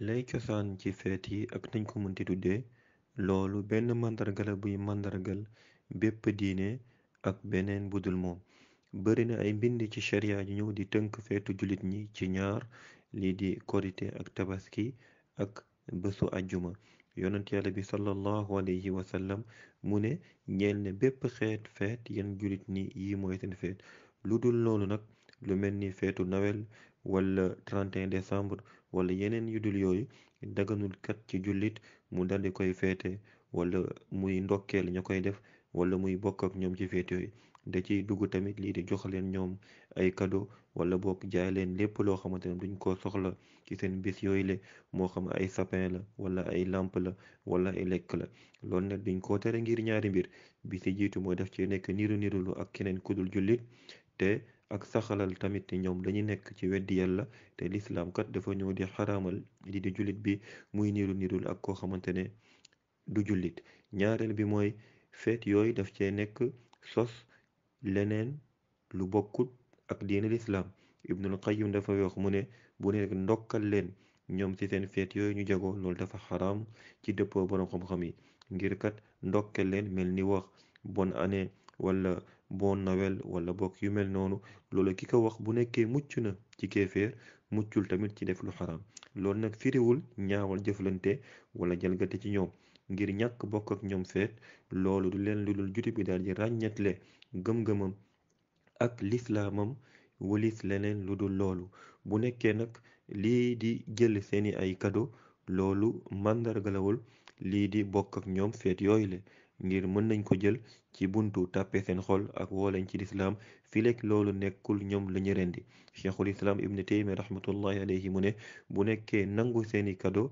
lay cosaan ci feet yi ak nuñ ko mënti tuddee loolu benn mandargal la buy màndargal bépp diine ak beneen budul moom bari na ay mbind ci sharia yu ñëw di tënk feetu jullit ñi ci ñaar lii di korite ak tabaski ak bésu ajjuma yonent yàlla bi sallallahu alayhi wa mu ne ñeel ne bépp xeet feet yan jullit ñi yi mooy seen feet lu dul loolu nag lu mel ni feetu nawel wala 31 décembre wala yeneen yu dul yooyu daganul kat ci jullit mu daldi koy feete wala muy ndokkeel ña koy def wala muy bokk ak ñoom ci feete yooyu da ciy dugg tamit lii di jox leen ñoom ay cadeau wala bokk jaay leen lépp loo xamante ne duñ ko soxla ci seen bis yooyu le moo xam ay sapin la wala ay lamp la wala ay lekk la loolu nag duñ ko tere ngir ñaari mbir bi si jiitu mooy def ci nekk niru niru ak keneen kudul jullit te ak saxalal tamit ñoom dañu nekk ci weddi yàlla te lislaam kat dafa ñëw di xaraamal li di bi muy niru nirul ak koo xamante ne du jullit ñaareel bi mooy feet yooyu daf cee nekk sos leneen lu bokkut ak diine lislaam ibnul qayyim dafa wax mu ne bu ne ndokkal leen ñoom ci seen feet yooyu ñu jago loolu dafa xaram ci dëppoo borom xam-xam yi ngir kat ndokkal leen mel ni wax bonne année wala bon noël wala bokk yu mel noonu loolu ki ko wax bu nekkee mucc na ci kéeféer muccul tamit ci def lu xaraam loolu nag firiwul ñaawal jëflante wala jalgati ci ñoom ngir ñàkk bokk ak ñoom feet loolu du leen lu dul juti bi daal di ràññatle gëm ak lislaamam walis leneen lu dul loolu bu nekkee nag lii di jël seeni ay kado loolu màndargalawul lii di bokk ak ñoom feet yooyu ngir mën nañ ko jël ci buntu tàppe seen xol ak woo leen ci lislaam fileeg loolu nekkul ñoom la ñu rendi cheikhul islaam ibni taymi rahmatullahi alayhi mu ne bu nekkee nangu seeni kado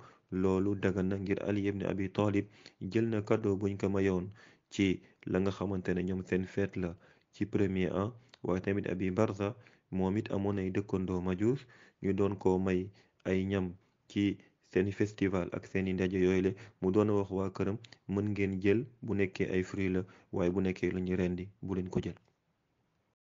loolu dagan na ngir ali ibni abi talib jël na kado buñ ko mayoon ci la nga xamante ne ñoom seen feet la ci premier an waaye tamit abi barza moom it amoon ay dëkkandoo majuus ñu doon ko may ay ñam ci seeni festival ak seeni ndaje yooyu le mu doon wax waa këram mën ngeen jël bu nekkee ay fruits la waaye bu nekkee lu ñu rendi bu leen ko jël